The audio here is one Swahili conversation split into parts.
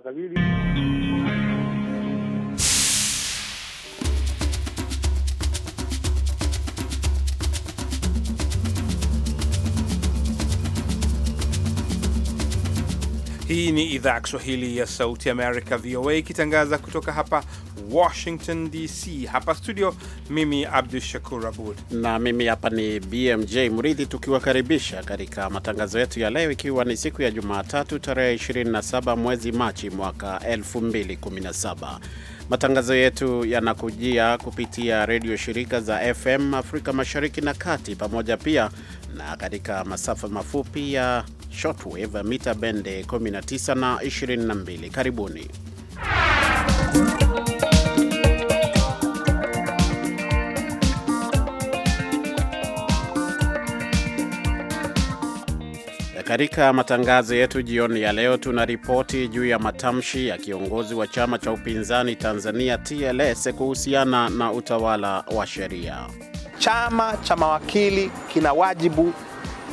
Hii ni idhaa ya Kiswahili ya Sauti Amerika, VOA, ikitangaza kutoka hapa Washington DC. Hapa studio mimi Abdu Shakur Abud na mimi hapa ni BMJ Mridhi, tukiwakaribisha katika matangazo yetu ya leo, ikiwa ni siku ya Jumatatu tarehe 27 mwezi Machi mwaka 2017. Matangazo yetu yanakujia kupitia redio shirika za FM Afrika Mashariki na Kati, pamoja pia na katika masafa mafupi ya shortwave mita bende 19 na 22. Karibuni E, katika matangazo yetu jioni ya leo tuna ripoti juu ya matamshi ya kiongozi wa chama cha upinzani Tanzania TLS kuhusiana na utawala wa sheria. Chama cha mawakili kina wajibu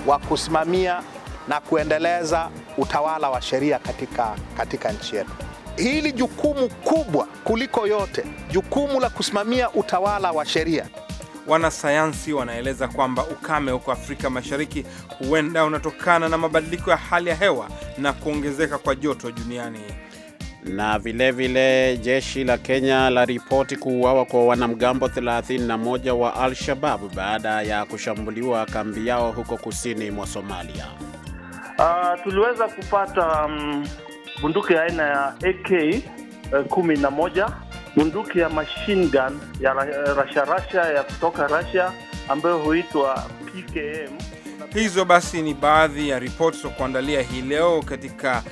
wa kusimamia na kuendeleza utawala wa sheria katika, katika nchi yetu. Hili jukumu kubwa kuliko yote, jukumu la kusimamia utawala wa sheria. Wanasayansi wanaeleza kwamba ukame huko Afrika Mashariki huenda unatokana na mabadiliko ya hali ya hewa na kuongezeka kwa joto duniani. Na vilevile vile jeshi la Kenya la ripoti kuuawa kwa wanamgambo 31 wa Al-Shabab baada ya kushambuliwa kambi yao huko kusini mwa Somalia. Uh, tuliweza kupata um, bunduki aina ya AK 11 eh, bunduki ya machine gun ya rasharasha rasha ya kutoka Russia ambayo huitwa PKM. Hizo basi ni baadhi ya ripoti za kuandalia hii leo katika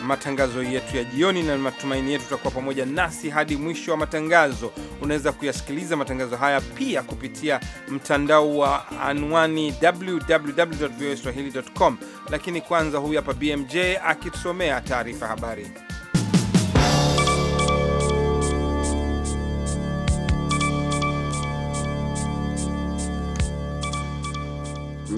matangazo yetu ya jioni, na matumaini yetu tutakuwa pamoja nasi hadi mwisho wa matangazo. Unaweza kuyasikiliza matangazo haya pia kupitia mtandao wa anwani www.voaswahili.com. Lakini kwanza, huyu hapa BMJ akitusomea taarifa habari.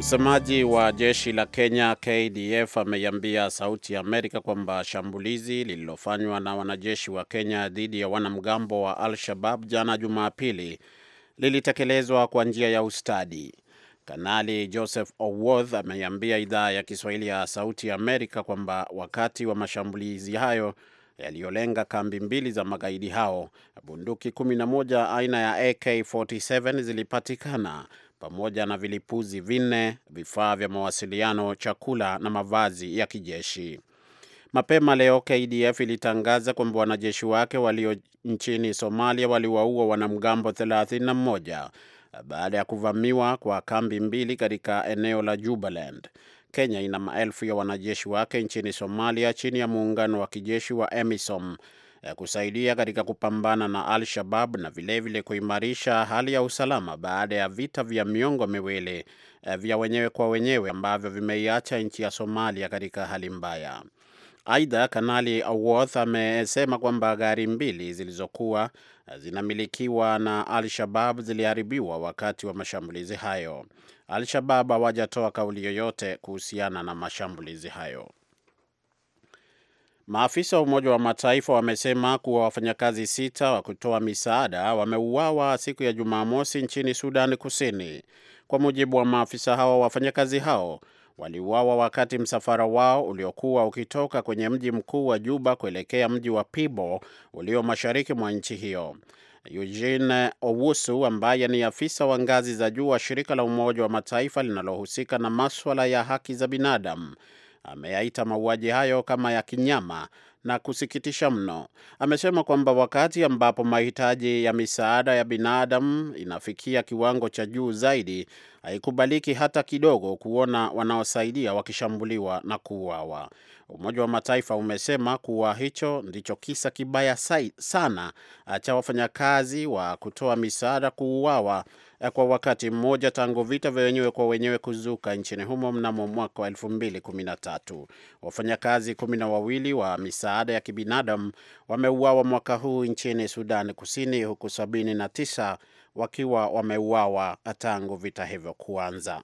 Msemaji wa jeshi la Kenya KDF ameiambia Sauti ya Amerika kwamba shambulizi lililofanywa na wanajeshi wa Kenya dhidi ya wanamgambo wa Al-Shabab jana Jumapili lilitekelezwa kwa njia ya ustadi. Kanali Joseph Oworth ameiambia idhaa ya Kiswahili ya Sauti ya Amerika kwamba wakati wa mashambulizi hayo yaliyolenga kambi mbili za magaidi hao, bunduki 11 aina ya AK47 zilipatikana pamoja na vilipuzi vinne, vifaa vya mawasiliano, chakula na mavazi ya kijeshi. Mapema leo KDF ilitangaza kwamba wanajeshi wake walio nchini Somalia waliwaua wanamgambo 31 baada ya kuvamiwa kwa kambi mbili katika eneo la Jubaland. Kenya ina maelfu ya wanajeshi wake nchini Somalia chini ya muungano wa kijeshi wa Emisom Eh, kusaidia katika kupambana na Al-Shabab na vilevile kuimarisha hali ya usalama baada ya vita vya miongo miwili eh, vya wenyewe kwa wenyewe ambavyo vimeiacha nchi ya Somalia katika hali mbaya. Aidha, Kanali Awoth amesema kwamba gari mbili zilizokuwa eh, zinamilikiwa na Al-Shabab ziliharibiwa wakati wa mashambulizi hayo. Al-Shabab hawajatoa kauli yoyote kuhusiana na mashambulizi hayo. Maafisa wa Umoja wa Mataifa wamesema kuwa wafanyakazi sita wa kutoa misaada wameuawa siku ya Jumamosi nchini Sudan Kusini. Kwa mujibu wa maafisa hao, wafanyakazi hao waliuawa wakati msafara wao uliokuwa ukitoka kwenye mji mkuu wa Juba kuelekea mji wa Pibo ulio mashariki mwa nchi hiyo. Eugene Owusu ambaye ni afisa wa ngazi za juu wa shirika la Umoja wa Mataifa linalohusika na maswala ya haki za binadamu ameyaita mauaji hayo kama ya kinyama na kusikitisha mno. Amesema kwamba wakati ambapo mahitaji ya misaada ya binadamu inafikia kiwango cha juu zaidi, haikubaliki hata kidogo kuona wanaosaidia wakishambuliwa na kuuawa. Umoja wa Mataifa umesema kuwa hicho ndicho kisa kibaya sana cha wafanyakazi wa kutoa misaada kuuawa kwa wakati mmoja tangu vita vya wenyewe kwa wenyewe kuzuka nchini humo mnamo mwaka wa 2013. Wafanyakazi kumi na wawili wa misaada ya kibinadamu wameuawa mwaka huu nchini Sudan Kusini, huku 79 wakiwa wameuawa tangu vita hivyo kuanza.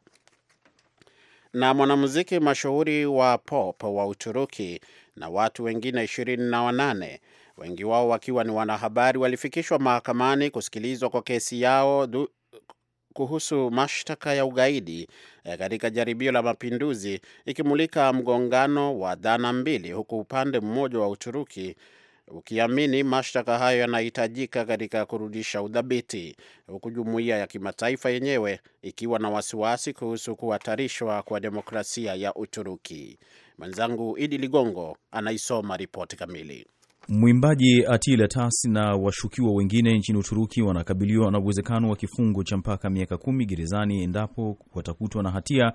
Na mwanamuziki mashuhuri wa pop wa Uturuki na watu wengine ishirini na wanane wengi wao wakiwa ni wanahabari walifikishwa mahakamani kusikilizwa kwa kesi yao kuhusu mashtaka ya ugaidi eh, katika jaribio la mapinduzi ikimulika mgongano wa dhana mbili, huku upande mmoja wa Uturuki ukiamini mashtaka hayo yanahitajika katika kurudisha udhabiti, huku jumuiya ya kimataifa yenyewe ikiwa na wasiwasi kuhusu kuhatarishwa kwa demokrasia ya Uturuki. Mwenzangu Idi Ligongo anaisoma ripoti kamili. Mwimbaji Atila Tas na washukiwa wengine nchini Uturuki wanakabiliwa na uwezekano wa kifungo cha mpaka miaka kumi gerezani endapo watakutwa na hatia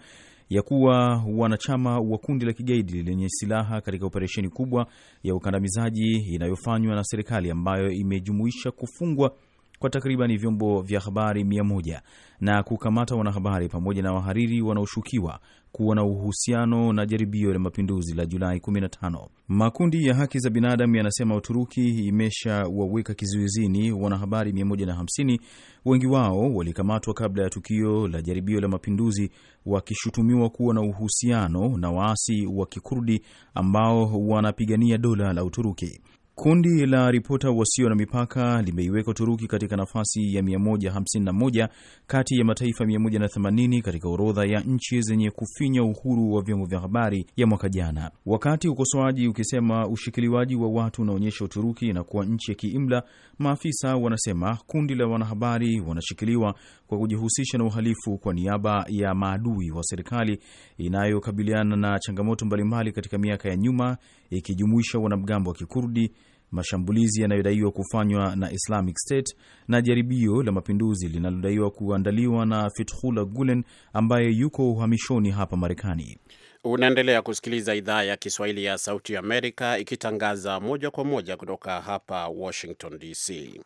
ya kuwa wanachama wa kundi la kigaidi lenye silaha katika operesheni kubwa ya ukandamizaji inayofanywa na serikali ambayo imejumuisha kufungwa kwa takriban vyombo vya habari mia moja na kukamata wanahabari pamoja na wahariri wanaoshukiwa kuwa na uhusiano na jaribio la mapinduzi la Julai 15. Makundi ya haki za binadamu yanasema Uturuki imeshawaweka kizuizini wanahabari 150, wengi wao walikamatwa kabla ya tukio la jaribio la mapinduzi, wakishutumiwa kuwa na uhusiano na waasi wa Kikurdi ambao wanapigania dola la Uturuki. Kundi la ripota wasio na mipaka limeiweka Uturuki katika nafasi ya 151 kati ya mataifa 180 katika orodha ya nchi zenye kufinya uhuru wa vyombo vya habari ya mwaka jana, wakati ukosoaji ukisema ushikiliwaji wa watu unaonyesha Uturuki na kuwa nchi ya kiimla. Maafisa wanasema kundi la wanahabari wanashikiliwa kwa kujihusisha na uhalifu kwa niaba ya maadui wa serikali inayokabiliana na changamoto mbalimbali katika miaka ya nyuma, ikijumuisha wanamgambo wa Kikurdi mashambulizi yanayodaiwa kufanywa na Islamic State na jaribio la mapinduzi linalodaiwa kuandaliwa na Fethullah Gulen ambaye yuko uhamishoni hapa Marekani. Unaendelea kusikiliza idhaa ya Kiswahili ya Sauti Amerika ikitangaza moja kwa moja kutoka hapa Washington DC.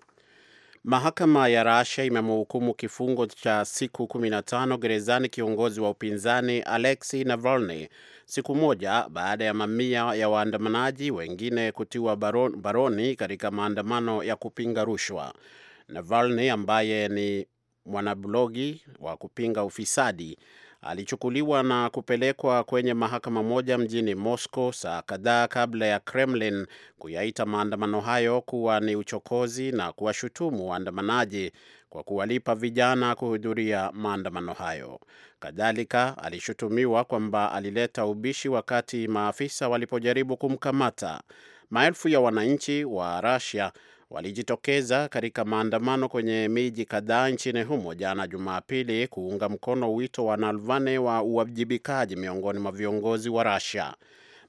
Mahakama ya Russia imemhukumu kifungo cha siku 15 gerezani kiongozi wa upinzani Alexei Navalny siku moja baada ya mamia ya waandamanaji wengine kutiwa baroni, baroni katika maandamano ya kupinga rushwa. Navalny ambaye ni mwanablogi wa kupinga ufisadi alichukuliwa na kupelekwa kwenye mahakama moja mjini Moscow saa kadhaa kabla ya Kremlin kuyaita maandamano hayo kuwa ni uchokozi na kuwashutumu waandamanaji kwa kuwalipa vijana kuhudhuria maandamano hayo. Kadhalika, alishutumiwa kwamba alileta ubishi wakati maafisa walipojaribu kumkamata. Maelfu ya wananchi wa Russia walijitokeza katika maandamano kwenye miji kadhaa nchini humo jana Jumapili kuunga mkono wito wa Nalvane wa uwajibikaji miongoni mwa viongozi wa Russia.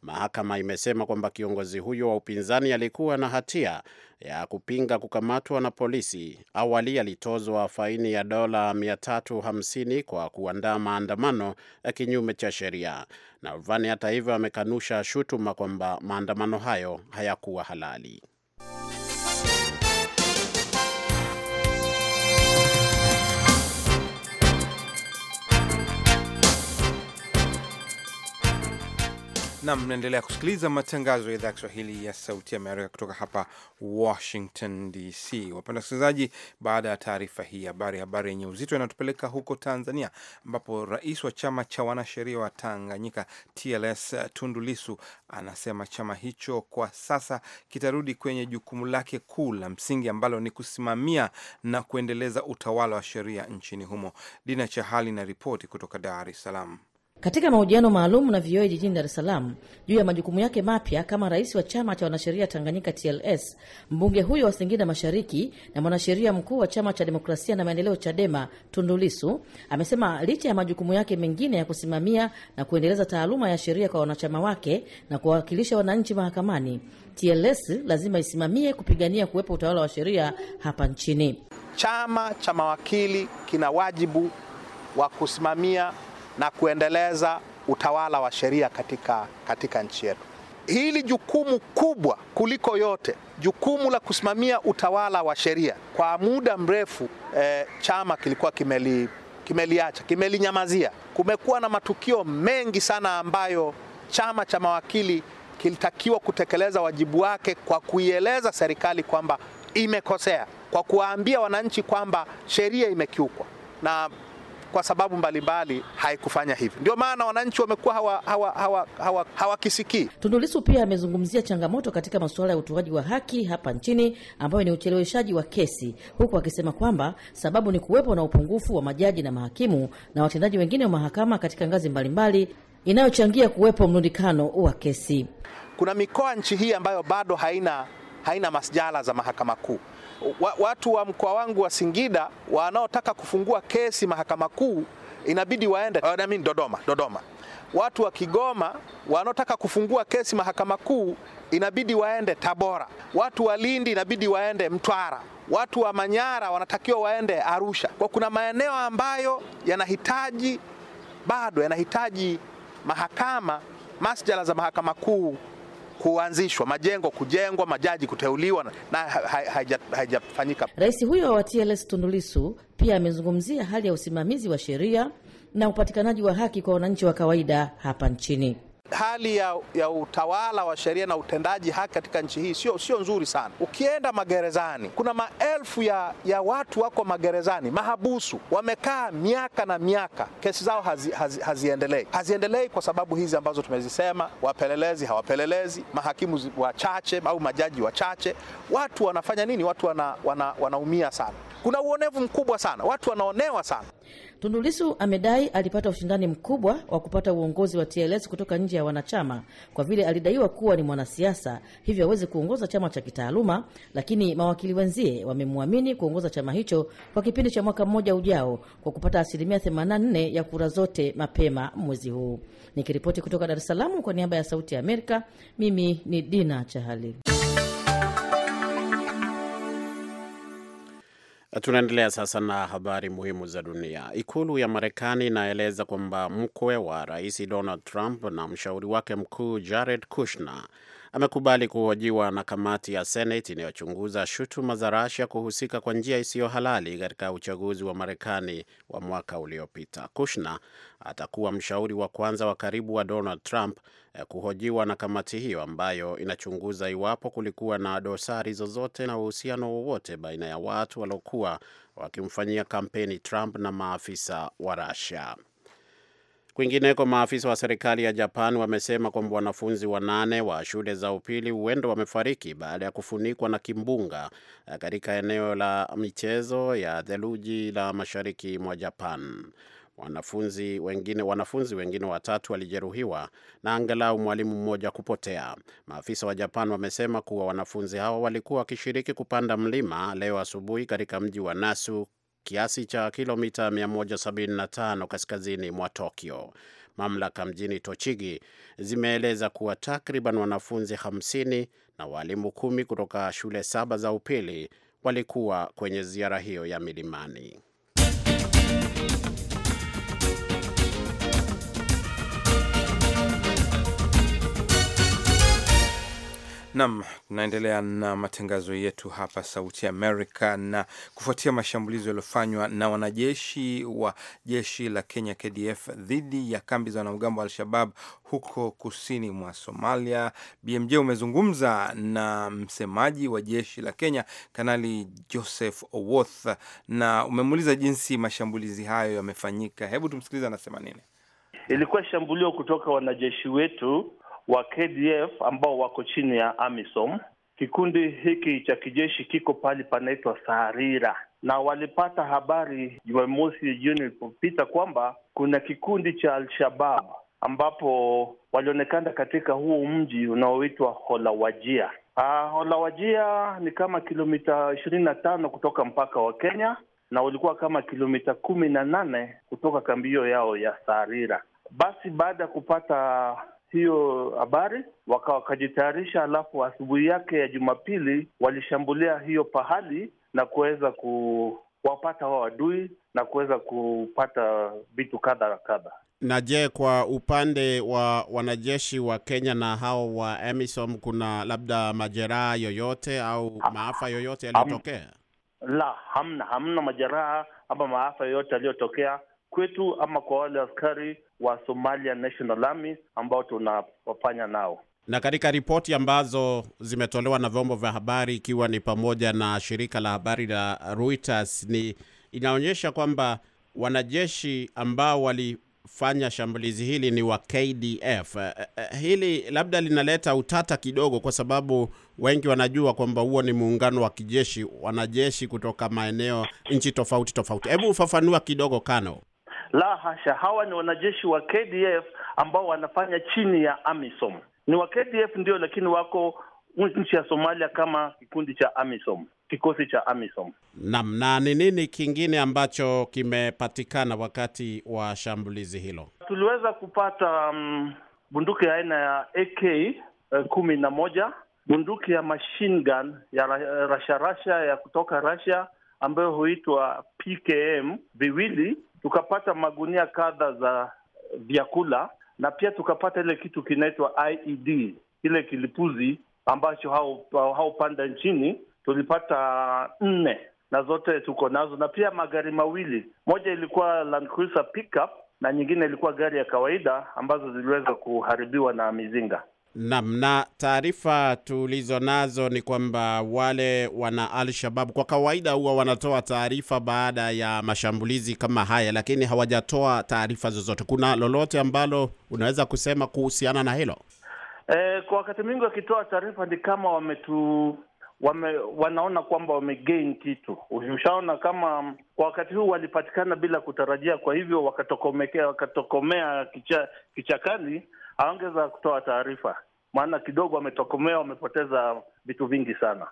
Mahakama imesema kwamba kiongozi huyo wa upinzani alikuwa na hatia ya kupinga kukamatwa na polisi. Awali alitozwa faini ya dola 350 kwa kuandaa maandamano ya kinyume cha sheria. Nalvane hata hivyo amekanusha shutuma kwamba maandamano hayo hayakuwa halali. na mnaendelea kusikiliza matangazo ya idhaa ya Kiswahili ya Sauti ya Amerika kutoka hapa Washington DC. Wapenda wasikilizaji, baada ya taarifa hii habari, habari yenye uzito inatupeleka huko Tanzania, ambapo rais wa chama cha wanasheria wa Tanganyika TLS Tundu anasema chama hicho kwa sasa kitarudi kwenye jukumu lake kuu la msingi ambalo ni kusimamia na kuendeleza utawala wa sheria nchini humo. Dina Chahali na ripoti kutoka Dar es Salaam. Katika mahojiano maalum na VOA jijini Dar es Salaam juu ya majukumu yake mapya kama rais wa chama cha wanasheria Tanganyika TLS, mbunge huyo wa Singida Mashariki na mwanasheria mkuu wa chama cha demokrasia na maendeleo CHADEMA tundulisu amesema licha ya majukumu yake mengine ya kusimamia na kuendeleza taaluma ya sheria kwa wanachama wake na kuwawakilisha wananchi mahakamani, TLS lazima isimamie kupigania kuwepo utawala wa sheria hapa nchini. Chama cha mawakili kina wajibu wa kusimamia na kuendeleza utawala wa sheria katika, katika nchi yetu. Hili jukumu kubwa kuliko yote, jukumu la kusimamia utawala wa sheria kwa muda mrefu, e, chama kilikuwa kimeli, kimeliacha kimelinyamazia. Kumekuwa na matukio mengi sana ambayo chama cha mawakili kilitakiwa kutekeleza wajibu wake kwa kuieleza serikali kwamba imekosea, kwa kuwaambia wananchi kwamba sheria imekiukwa na kwa sababu mbalimbali haikufanya hivyo. Ndio maana wananchi wamekuwa hawakisikii hawa, hawa, hawa, hawa. Tundu Lissu pia amezungumzia changamoto katika masuala ya utoaji wa haki hapa nchini ambayo ni ucheleweshaji wa kesi, huku akisema kwamba sababu ni kuwepo na upungufu wa majaji na mahakimu na watendaji wengine wa mahakama katika ngazi mbalimbali inayochangia kuwepo mrundikano wa kesi. Kuna mikoa nchi hii ambayo bado haina, haina masjala za mahakama kuu watu wa mkoa wangu wa Singida wanaotaka kufungua kesi mahakama kuu inabidi waende I mean, Dodoma, Dodoma. Watu wa Kigoma wanaotaka kufungua kesi mahakama kuu inabidi waende Tabora. Watu wa Lindi inabidi waende Mtwara. Watu wa Manyara wanatakiwa waende Arusha. Kwa kuna maeneo ambayo yanahitaji bado yanahitaji mahakama masjala za mahakama kuu kuanzishwa, majengo kujengwa, majaji kuteuliwa na haijafanyika. Ha, ha, Rais huyo wa TLS Tundu Lissu pia amezungumzia hali ya usimamizi wa sheria na upatikanaji wa haki kwa wananchi wa kawaida hapa nchini hali ya, ya utawala wa sheria na utendaji haki katika nchi hii sio sio nzuri sana. Ukienda magerezani, kuna maelfu ya, ya watu wako magerezani, mahabusu, wamekaa miaka na miaka, kesi zao hazi, hazi, haziendelei haziendelei kwa sababu hizi ambazo tumezisema, wapelelezi hawapelelezi, mahakimu wachache au majaji wachache. Watu wanafanya nini? Watu wanaumia wana, wana sana kuna uonevu mkubwa sana, watu wanaonewa sana. Tundu Lissu amedai alipata ushindani mkubwa wa kupata uongozi wa TLS kutoka nje ya wanachama kwa vile alidaiwa kuwa ni mwanasiasa, hivyo hawezi kuongoza chama cha kitaaluma, lakini mawakili wenzie wamemwamini kuongoza chama hicho kwa kipindi cha mwaka mmoja ujao kwa kupata asilimia 84 ya kura zote mapema mwezi huu. Nikiripoti kutoka Dar es Salaam kwa niaba ya Sauti ya Amerika, mimi ni Dina Chahali. Tunaendelea sasa na habari muhimu za dunia. Ikulu ya Marekani inaeleza kwamba mkwe wa rais Donald Trump na mshauri wake mkuu Jared Kushner amekubali kuhojiwa na kamati ya Senate inayochunguza shutuma za rasia kuhusika kwa njia isiyo halali katika uchaguzi wa Marekani wa mwaka uliopita. Kushner atakuwa mshauri wa kwanza wa karibu wa Donald Trump Eh, kuhojiwa na kamati hiyo ambayo inachunguza iwapo kulikuwa na dosari zozote na uhusiano wowote baina ya watu waliokuwa wakimfanyia kampeni Trump na maafisa wa Russia. Kwingineko, maafisa wa serikali ya Japan wamesema kwamba wanafunzi wanane wa shule za upili huenda wamefariki baada ya kufunikwa na kimbunga eh, katika eneo la michezo ya theluji la mashariki mwa Japan. Wanafunzi wengine, wanafunzi wengine watatu walijeruhiwa na angalau mwalimu mmoja kupotea. Maafisa wa Japan wamesema kuwa wanafunzi hao walikuwa wakishiriki kupanda mlima leo asubuhi katika mji wa Nasu kiasi cha kilomita 175 kaskazini mwa Tokyo. Mamlaka mjini Tochigi zimeeleza kuwa takriban wanafunzi 50 na waalimu kumi kutoka shule saba za upili walikuwa kwenye ziara hiyo ya milimani. Nam, tunaendelea na matangazo yetu hapa Sauti Amerika. Na kufuatia mashambulizi yaliyofanywa na wanajeshi wa jeshi la Kenya KDF dhidi ya kambi za wanamgambo wa Al-Shabab huko kusini mwa Somalia, BMJ umezungumza na msemaji wa jeshi la Kenya Kanali Joseph Owoth na umemuuliza jinsi mashambulizi hayo yamefanyika. Hebu tumsikilize anasema nini. Ilikuwa shambulio kutoka wanajeshi wetu wa KDF ambao wako chini ya AMISOM. Kikundi hiki cha kijeshi kiko pahali panaitwa Saharira, na walipata habari Jumamosi Juni ilipopita kwamba kuna kikundi cha Al-Shabab ambapo walionekana katika huo mji unaoitwa Holawajia. Ah, Holawajia ni kama kilomita ishirini na tano kutoka mpaka wa Kenya na walikuwa kama kilomita kumi na nane kutoka kambi hiyo yao ya saarira Basi baada ya kupata hiyo habari waka wakajitayarisha, alafu asubuhi yake ya Jumapili walishambulia hiyo pahali na kuweza kuwapata wao adui na kuweza kupata vitu kadha na kadha. Na je, kwa upande wa wanajeshi wa Kenya na hao wa AMISOM kuna labda majeraha yoyote au maafa yoyote yaliyotokea? La, hamna, hamna majeraha ama maafa yoyote yaliyotokea kwetu ama kwa wale askari wa Somalia National Army ambao tunawafanya nao. Na katika ripoti ambazo zimetolewa na vyombo vya habari ikiwa ni pamoja na shirika la habari la Reuters, ni inaonyesha kwamba wanajeshi ambao walifanya shambulizi hili ni wa KDF. Eh, eh, hili labda linaleta utata kidogo, kwa sababu wengi wanajua kwamba huo ni muungano wa kijeshi, wanajeshi kutoka maeneo nchi tofauti tofauti. Hebu ufafanua kidogo, Kano. La hasha, hawa ni wanajeshi wa KDF ambao wanafanya chini ya AMISOM. Ni wa KDF ndio, lakini wako nchi ya Somalia kama kikundi cha AMISOM, kikosi cha AMISOM. Naam. Na ni nini kingine ambacho kimepatikana wakati wa shambulizi hilo? Tuliweza kupata um, bunduki aina ya AK uh, eh, kumi na moja, bunduki ya machine gun ya eh, rasharasha ya kutoka Russia ambayo huitwa PKM viwili tukapata magunia kadha za vyakula na pia tukapata ile kitu kinaitwa IED, kile kilipuzi ambacho haupanda hau nchini, tulipata nne na zote tuko nazo, na pia magari mawili, moja ilikuwa Land pickup na nyingine ilikuwa gari ya kawaida ambazo ziliweza kuharibiwa na mizinga. Naam, na taarifa tulizo nazo ni kwamba wale wana Al-Shabaab kwa kawaida huwa wanatoa taarifa baada ya mashambulizi kama haya, lakini hawajatoa taarifa zozote. Kuna lolote ambalo unaweza kusema kuhusiana na hilo? Eh, kwa wakati mwingi wakitoa taarifa ni kama wametu wame, wanaona kwamba wamegain kitu. Ushaona kama kwa wakati huu walipatikana bila kutarajia, kwa hivyo wakatokomekea wakatokomea kicha, kichakani angeweza kutoa taarifa, maana kidogo wametokomea, wamepoteza vitu vingi sana.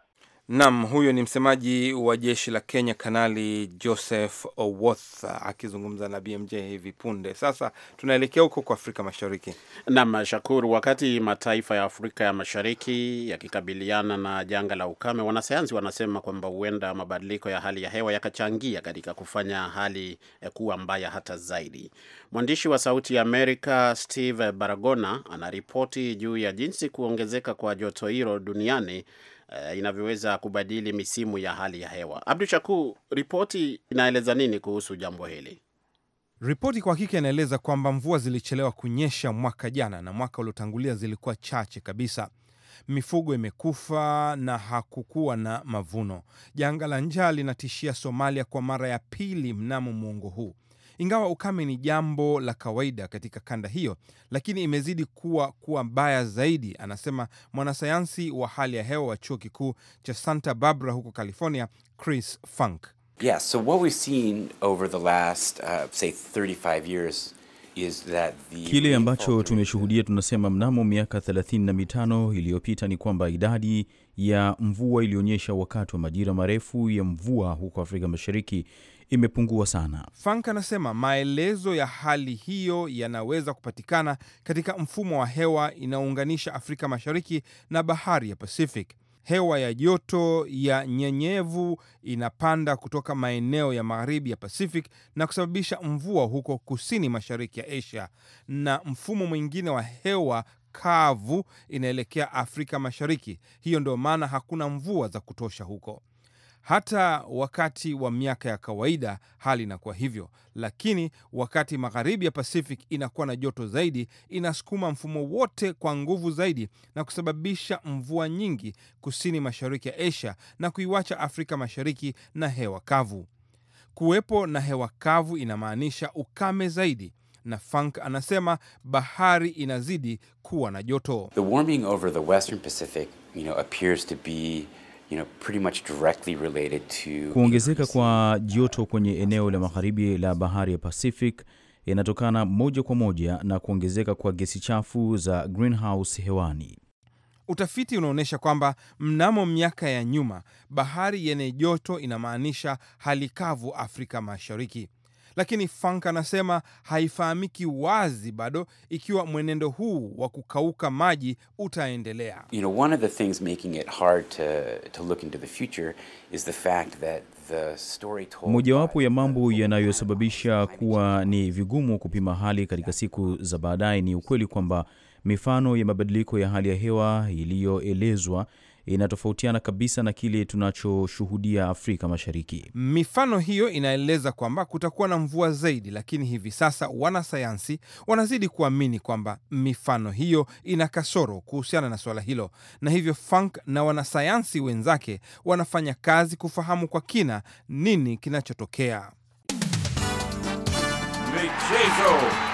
Nam, huyo ni msemaji wa jeshi la Kenya, Kanali Joseph Owoth akizungumza na BMJ hivi punde. Sasa tunaelekea huko kwa Afrika Mashariki. Nam Shakuru, wakati mataifa ya Afrika ya Mashariki yakikabiliana na janga la ukame, wanasayansi wanasema kwamba huenda mabadiliko ya hali ya hewa yakachangia katika kufanya hali eh, kuwa mbaya hata zaidi. Mwandishi wa Sauti ya Amerika Steve Baragona anaripoti juu ya jinsi kuongezeka kwa joto hilo duniani uh, inavyoweza kubadili misimu ya hali ya hewa. Abdu Shakur, ripoti inaeleza nini kuhusu jambo hili? Ripoti kwa hakika inaeleza kwamba mvua zilichelewa kunyesha mwaka jana na mwaka uliotangulia zilikuwa chache kabisa. Mifugo imekufa na hakukuwa na mavuno. Janga la njaa linatishia Somalia kwa mara ya pili mnamo mwongo huu. Ingawa ukame ni jambo la kawaida katika kanda hiyo, lakini imezidi kuwa kuwa mbaya zaidi, anasema mwanasayansi wa hali ya hewa wa chuo kikuu cha Santa Barbara huko California, Chris Funk. Yeah, so what we've seen over the last, uh, say 35 years Kile ambacho tumeshuhudia tunasema mnamo miaka 35 iliyopita ni kwamba idadi ya mvua iliyoonyesha wakati wa majira marefu ya mvua huko Afrika Mashariki imepungua sana. Fank anasema maelezo ya hali hiyo yanaweza kupatikana katika mfumo wa hewa inayounganisha Afrika Mashariki na bahari ya Pacific. Hewa ya joto ya nyenyevu inapanda kutoka maeneo ya magharibi ya Pacific na kusababisha mvua huko kusini mashariki ya Asia, na mfumo mwingine wa hewa kavu inaelekea Afrika Mashariki. Hiyo ndio maana hakuna mvua za kutosha huko. Hata wakati wa miaka ya kawaida hali inakuwa hivyo, lakini wakati magharibi ya Pacific inakuwa na joto zaidi, inasukuma mfumo wote kwa nguvu zaidi na kusababisha mvua nyingi kusini mashariki ya Asia na kuiwacha Afrika Mashariki na hewa kavu. Kuwepo na hewa kavu inamaanisha ukame zaidi na Funk anasema bahari inazidi kuwa na joto. The warming over the western Pacific, you know, appears to be You know, pretty much directly related to... kuongezeka kwa joto kwenye eneo la magharibi la bahari ya Pacific inatokana moja kwa moja na kuongezeka kwa gesi chafu za greenhouse hewani. Utafiti unaonyesha kwamba mnamo miaka ya nyuma bahari yenye joto inamaanisha hali kavu Afrika Mashariki lakini Funk anasema haifahamiki wazi bado ikiwa mwenendo huu wa kukauka maji utaendelea. You know, one of the things making it hard to, to look into the future is the fact that Mojawapo ya mambo yanayosababisha kuwa ni vigumu kupima hali katika siku za baadaye ni ukweli kwamba mifano ya mabadiliko ya hali ya hewa iliyoelezwa inatofautiana kabisa na kile tunachoshuhudia Afrika Mashariki. Mifano hiyo inaeleza kwamba kutakuwa na mvua zaidi, lakini hivi sasa wanasayansi wanazidi kuamini kwamba mifano hiyo ina kasoro kuhusiana na suala hilo, na hivyo Funk na wanasayansi wenzake wanafanya kazi kufahamu kwa kina nini kinachotokea. Michezo.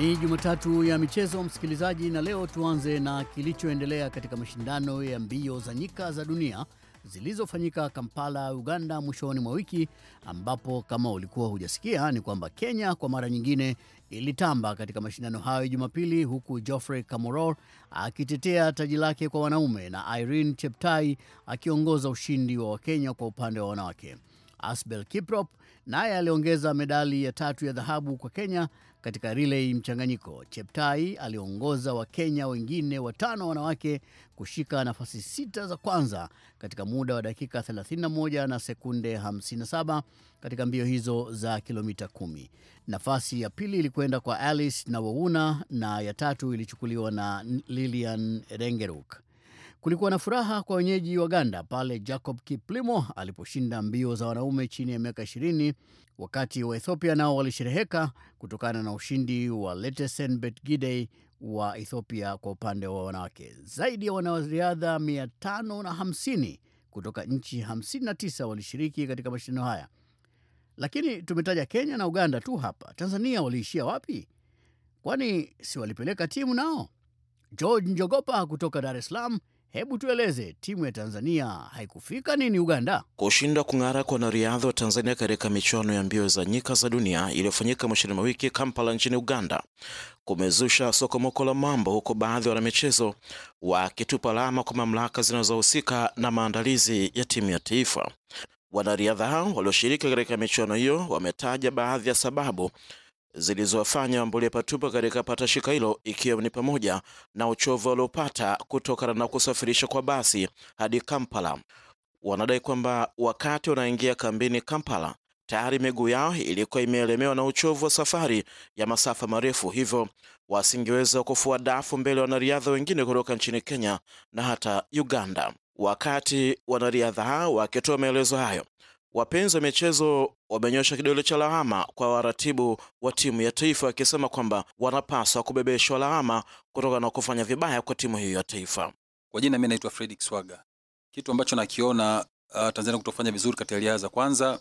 Ni Jumatatu ya michezo msikilizaji, na leo tuanze na kilichoendelea katika mashindano ya mbio za nyika za dunia zilizofanyika Kampala, Uganda mwishoni mwa wiki, ambapo kama ulikuwa hujasikia ni kwamba Kenya kwa mara nyingine ilitamba katika mashindano hayo Jumapili, huku Geoffrey Kamworor akitetea taji lake kwa wanaume na Irene Cheptai akiongoza ushindi wa Wakenya kwa upande wa wanawake. Asbel Kiprop naye aliongeza medali ya tatu ya dhahabu kwa Kenya katika relay mchanganyiko, Cheptai aliongoza Wakenya wengine watano wanawake kushika nafasi sita za kwanza katika muda wa dakika 31 na sekunde 57 katika mbio hizo za kilomita kumi. Nafasi ya pili ilikwenda kwa Alice na Wouna na ya tatu ilichukuliwa na Lilian Rengeruk. Kulikuwa na furaha kwa wenyeji wa uganda pale Jacob Kiplimo aliposhinda mbio za wanaume chini ya miaka 20, wakati wa Ethiopia nao walishereheka kutokana na ushindi wa Letesen Betgidey wa Ethiopia kwa upande wa wanawake. Zaidi ya wanariadha 550 kutoka nchi 59 walishiriki katika mashindano haya. Lakini tumetaja Kenya na Uganda tu hapa. Tanzania waliishia wapi? Kwani si walipeleka timu nao? George Njogopa kutoka Dar es Salaam Hebu tueleze timu ya Tanzania haikufika nini Uganda? Kushinda kung'ara kwa wanariadha wa Tanzania katika michuano ya mbio za nyika za dunia iliyofanyika mwishoni mwa wiki Kampala nchini Uganda kumezusha sokomoko la mambo, huku baadhi ya wanamichezo wakitupa lama kwa mamlaka zinazohusika na maandalizi ya timu ya taifa. Wanariadha hao walioshiriki katika michuano hiyo wametaja baadhi ya sababu zilizowafanya ambulie patupa katika patashika hilo, ikiwa ni pamoja na uchovu waliopata kutokana na kusafirisha kwa basi hadi Kampala. Wanadai kwamba wakati wanaingia kambini Kampala tayari miguu yao ilikuwa imeelemewa na uchovu wa safari ya masafa marefu, hivyo wasingeweza kufua dafu mbele wanariadha wengine kutoka nchini Kenya na hata Uganda. Wakati wanariadha hao wakitoa maelezo hayo, wapenzi wa michezo wamenyosha kidole cha lawama kwa waratibu wa timu ya taifa wakisema kwamba wanapaswa kubebeshwa lawama kutokana na kufanya vibaya kwa timu hiyo ya taifa. Kwa jina mi naitwa Fredrick Swaga. Kitu ambacho nakiona uh, Tanzania kutofanya vizuri katika riadha kwanza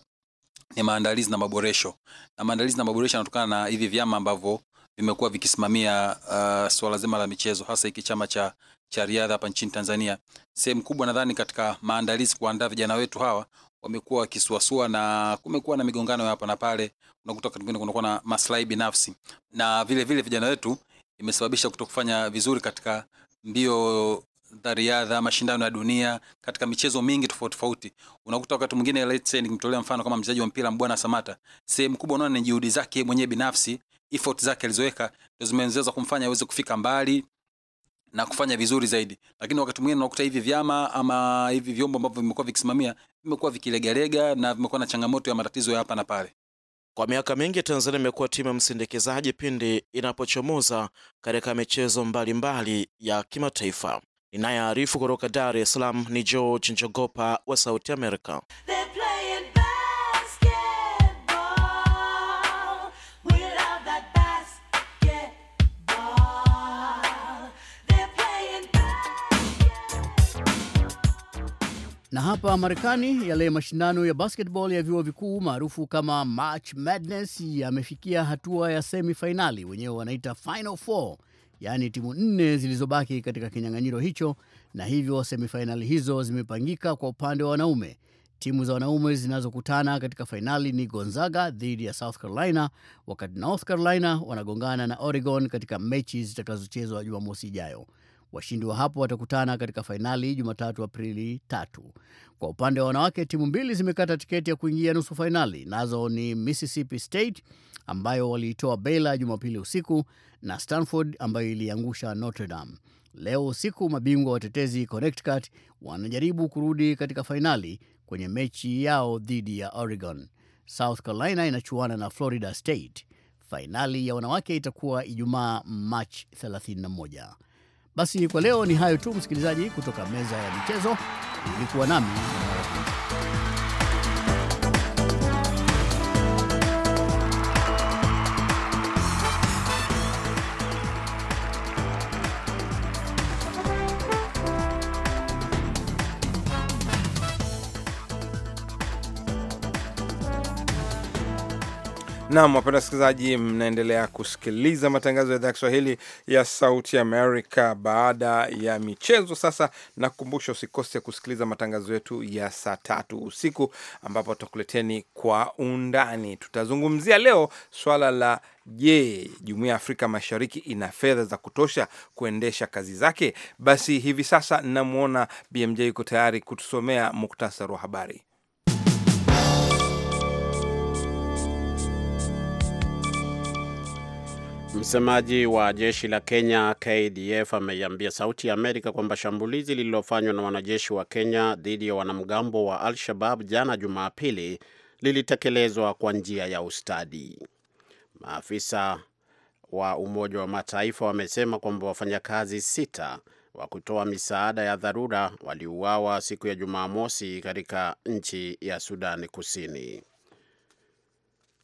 ni maandalizi na maboresho, na maandalizi na maboresho yanatokana na hivi vyama ambavyo vimekuwa vikisimamia uh, swala zima la michezo, hasa hiki chama cha cha riadha hapa nchini Tanzania. Sehemu kubwa nadhani katika maandalizi, kuandaa vijana wetu hawa wamekuwa wakisuasua na kumekuwa na migongano hapa na pale, unakuta wakati mwingine kunakuwa na maslahi binafsi, na vile vile vijana wetu imesababisha kutokufanya vizuri katika mbio za riadha, mashindano ya dunia, katika michezo mingi tofauti tofauti. Unakuta wakati mwingine, let's say, nikimtolea mfano kama mchezaji wa mpira Mbwana Samata, sehemu kubwa unaona ni juhudi zake mwenyewe binafsi, effort zake alizoweka ndio zimeweza kumfanya aweze kufika mbali na kufanya vizuri zaidi. Lakini wakati mwingine unakuta hivi vyama ama hivi vyombo ambavyo vimekuwa vikisimamia vimekuwa vikilegalega na vimekuwa na changamoto ya matatizo ya hapa na pale. Kwa miaka mingi Tanzania imekuwa timu ya msindikizaji pindi inapochomoza katika michezo mbalimbali ya kimataifa. Ninayearifu kutoka Dar es Salaam ni George Njogopa wa Sauti Amerika. Hapa Marekani yale mashindano ya basketball ya vyuo vikuu maarufu kama March Madness yamefikia hatua ya semi fainali, wenyewe wanaita Final Four, yaani timu nne zilizobaki katika kinyang'anyiro hicho, na hivyo semifainali hizo zimepangika kwa upande wa wanaume. Timu za wanaume zinazokutana katika fainali ni Gonzaga dhidi ya South Carolina, wakati North Carolina wanagongana na Oregon katika mechi zitakazochezwa Jumamosi ijayo. Washindi wa hapo watakutana katika fainali Jumatatu, Aprili tatu. Kwa upande wa wanawake, timu mbili zimekata tiketi ya kuingia nusu fainali, nazo ni Mississippi State ambayo waliitoa Baylor Jumapili usiku na Stanford ambayo iliangusha Notre Dame. Leo usiku mabingwa watetezi Connecticut wanajaribu kurudi katika fainali kwenye mechi yao dhidi ya Oregon. South Carolina inachuana na Florida State. Fainali ya wanawake itakuwa Ijumaa Machi 31. Basi kwa leo ni hayo tu, msikilizaji, kutoka meza ya michezo. Ilikuwa nami Nam, wapenda wasikilizaji, mnaendelea kusikiliza matangazo ya idhaa ya Kiswahili ya Sauti Amerika baada ya michezo. Sasa nakukumbusha usikose kusikiliza matangazo yetu ya saa tatu usiku ambapo tutakuleteni kwa undani. Tutazungumzia leo swala la je, jumuiya ya Afrika Mashariki ina fedha za kutosha kuendesha kazi zake? Basi hivi sasa namwona BMJ yuko tayari kutusomea muktasari wa habari. Msemaji wa jeshi la Kenya KDF ameiambia Sauti ya Amerika kwamba shambulizi lililofanywa na wanajeshi wa Kenya dhidi ya wanamgambo wa Al-Shabab jana Jumapili lilitekelezwa kwa njia ya ustadi. Maafisa wa Umoja wa Mataifa wamesema kwamba wafanyakazi sita wa kutoa misaada ya dharura waliuawa siku ya Jumamosi katika nchi ya Sudani Kusini.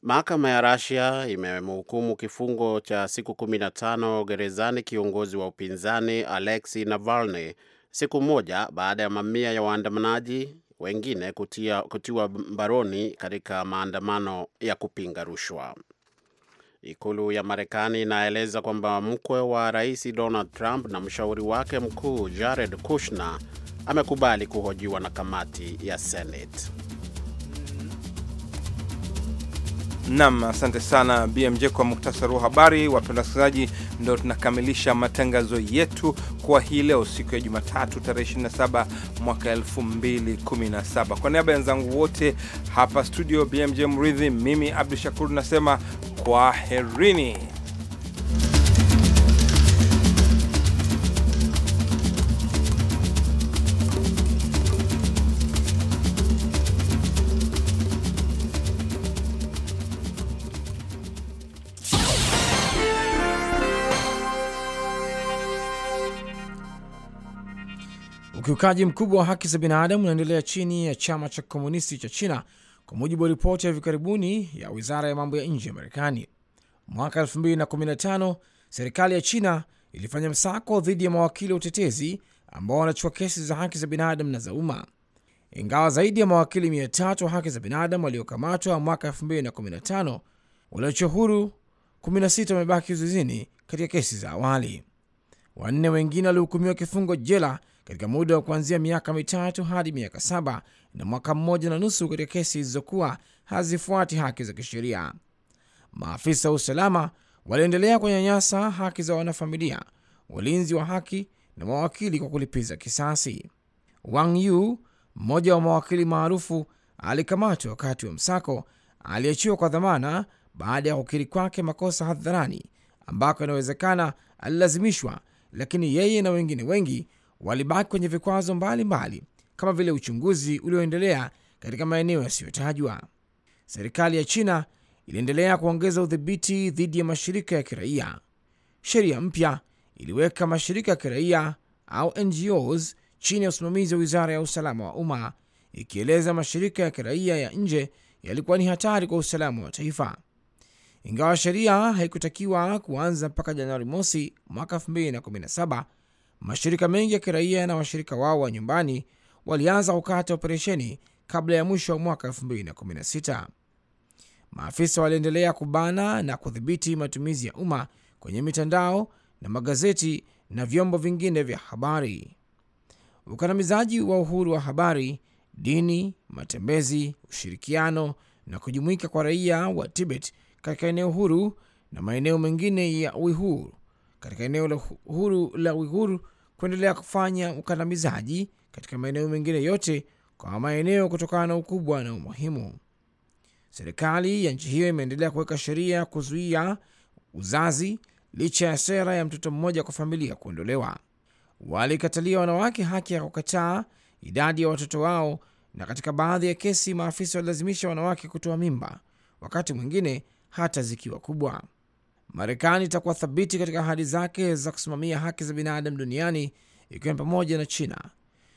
Mahakama ya Rasia imemhukumu kifungo cha siku 15 gerezani kiongozi wa upinzani Alexei Navalny siku moja baada ya mamia ya waandamanaji wengine kutia, kutiwa mbaroni katika maandamano ya kupinga rushwa. Ikulu ya Marekani inaeleza kwamba mkwe wa rais Donald Trump na mshauri wake mkuu Jared Kushner amekubali kuhojiwa na kamati ya Senate. Nam, asante sana BMJ kwa muktasari wa habari. Wapenda wasikilizaji, ndo tunakamilisha matangazo yetu kwa hii leo, siku ya Jumatatu tarehe 27 mwaka 2017. Kwa niaba ya wenzangu wote hapa studio, BMJ Mridhi, mimi Abdu Shakur nasema kwa herini Ukiukaji mkubwa wa haki za binadamu unaendelea chini ya chama cha komunisti cha China, kwa mujibu wa ripoti ya hivi karibuni ya wizara ya mambo ya nje ya Marekani. Mwaka 215 serikali ya China ilifanya msako dhidi ya mawakili wa utetezi ambao wanachukua kesi za haki za binadamu na za umma. Ingawa zaidi ya mawakili 3 wa haki za binadamu waliokamatwa mwaka 215 walioachiwa huru 16 wamebaki uzizini katika kesi za awali. Wanne wengine walihukumiwa kifungo jela katika muda wa kuanzia miaka mitatu hadi miaka saba na mwaka mmoja na nusu katika kesi zilizokuwa hazifuati haki za kisheria. Maafisa wa usalama waliendelea kunyanyasa haki za wanafamilia, walinzi wa haki na mawakili kwa kulipiza kisasi. Wang Yu, mmoja wa mawakili maarufu, alikamatwa wakati wa msako, aliachiwa kwa dhamana baada ya kukiri kwake makosa hadharani, ambako inawezekana alilazimishwa, lakini yeye na wengine wengi walibaki kwenye vikwazo mbalimbali kama vile uchunguzi ulioendelea katika maeneo yasiyotajwa. Serikali ya China iliendelea kuongeza udhibiti dhidi ya mashirika ya kiraia. Sheria mpya iliweka mashirika ya kiraia au NGOs chini ya usimamizi wa wizara ya usalama wa umma, ikieleza mashirika ya kiraia ya nje yalikuwa ni hatari kwa usalama wa taifa. Ingawa sheria haikutakiwa kuanza mpaka Januari mosi mwaka 2017 Mashirika mengi ya kiraia na washirika wao wa nyumbani walianza kukata operesheni kabla ya mwisho wa mwaka 216 Maafisa waliendelea kubana na kudhibiti matumizi ya umma kwenye mitandao na magazeti na vyombo vingine vya habari. Ukandamizaji wa uhuru wa habari, dini, matembezi, ushirikiano na kujumuika kwa raia wa Tibet katika eneo huru na maeneo mengine ya Uighur katika eneo la uhuru la uiguru kuendelea kufanya ukandamizaji katika maeneo mengine yote kwa maeneo kutokana na ukubwa na umuhimu. Serikali ya nchi hiyo imeendelea kuweka sheria kuzuia uzazi licha ya sera ya mtoto mmoja kwa familia kuondolewa. Walikatalia wanawake haki ya kukataa idadi ya watoto wao, na katika baadhi ya kesi maafisa walilazimisha wanawake kutoa mimba, wakati mwingine hata zikiwa kubwa. Marekani itakuwa thabiti katika ahadi zake za kusimamia haki za binadamu duniani ikiwa ni pamoja na China.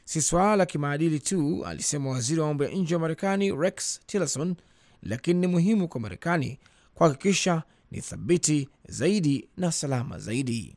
Si swala la kimaadili tu, alisema waziri wa mambo ya nje wa Marekani Rex Tillerson, lakini ni muhimu kwa Marekani kuhakikisha ni thabiti zaidi na salama zaidi.